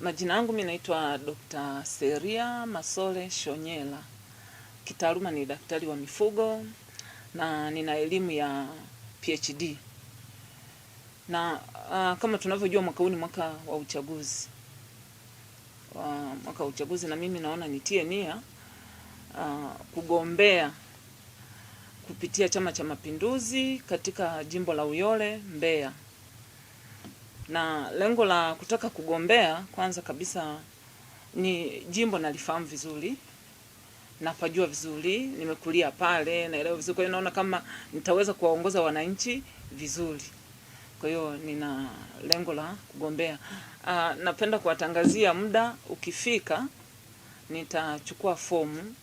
Majina yangu mimi naitwa Dr. Seria Masole Shonyela. Kitaaluma ni daktari wa mifugo na nina elimu ya PhD. Na uh, kama tunavyojua mwaka huu ni mwaka wa uchaguzi. Uh, mwaka wa uchaguzi na mimi naona nitie nia uh, kugombea kupitia Chama cha Mapinduzi katika jimbo la Uyole Mbeya na lengo la kutaka kugombea, kwanza kabisa ni jimbo nalifahamu vizuri, napajua vizuri, nimekulia pale, naelewa vizuri. Kwa hiyo naona kama nitaweza kuwaongoza wananchi vizuri, kwa hiyo nina lengo la kugombea. Aa, ah, napenda kuwatangazia muda ukifika, nitachukua fomu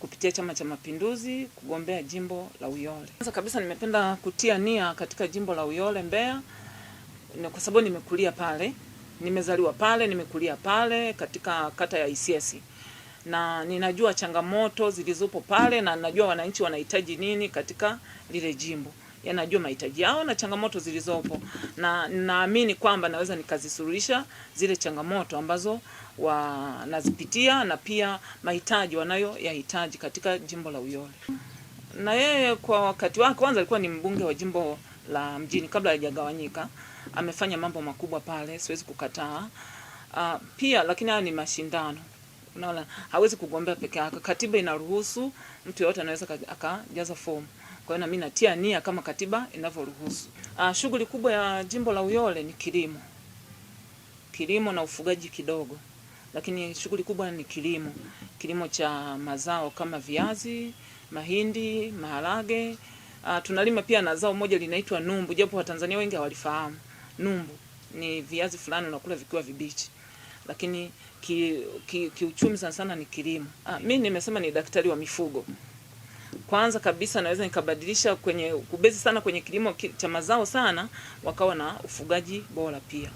kupitia Chama cha Mapinduzi kugombea jimbo la Uyole. Kwanza kabisa nimependa kutia nia katika jimbo la Uyole Mbeya kwa sababu nimekulia pale, nimezaliwa pale, nimekulia pale katika kata ya Isyesye na ninajua changamoto zilizopo pale na najua wananchi wanahitaji nini katika lile jimbo, yanajua yaani mahitaji yao na changamoto zilizopo, na naamini kwamba naweza nikazisuluhisha zile changamoto ambazo wanazipitia na pia mahitaji wanayoyahitaji katika jimbo la Uyole. Na yeye kwa wakati wake kwanza alikuwa ni mbunge wa jimbo la mjini kabla haijagawanyika. Amefanya mambo makubwa pale, siwezi kukataa. Uh, pia lakini haya ni mashindano, unaona, hawezi kugombea peke yake. Katiba inaruhusu mtu yoyote anaweza akajaza fomu, kwa hiyo nami natia nia kama katiba inavyoruhusu. Uh, shughuli kubwa ya jimbo la Uyole ni kilimo, kilimo na ufugaji kidogo, lakini shughuli kubwa ni kilimo, kilimo cha mazao kama viazi, mahindi, maharage Uh, tunalima pia na zao moja linaitwa numbu, japo Watanzania wengi hawalifahamu. Numbu ni viazi fulani unakula vikiwa vibichi, lakini kiuchumi ki, ki sana sana ni kilimo. Ah, mi nimesema ni daktari wa mifugo. Kwanza kabisa naweza nikabadilisha kwenye kubezi sana kwenye kilimo cha mazao sana, wakawa na ufugaji bora pia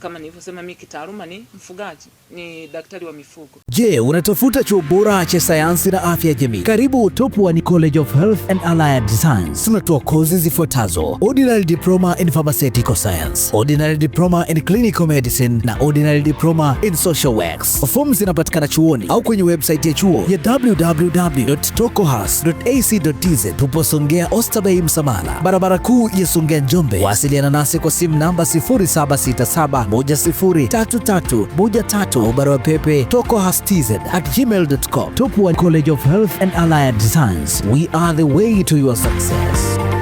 kama nilivyosema, mimi kitaaluma ni mfugaji, ni daktari wa mifugo. Je, unatafuta chuo bora cha sayansi na afya ya jamii? Karibu Top One College of Health and Allied Science. Tunatoa kozi zifuatazo: Ordinary Diploma in Pharmaceutical Science, Ordinary Diploma in Clinical Medicine na Ordinary Diploma in Social Works. Fomu zinapatikana chuoni au kwenye website ya chuo ya www.tokohas.ac.tz. Tupo Songea osterbay Msamala, barabara kuu ya Songea Njombe. Wasiliana nasi kwa simu namba 0767 9613313 au barua pepe tokohastz@gmail.com. Tupwa College of Health and Allied Science. We are the way to your success.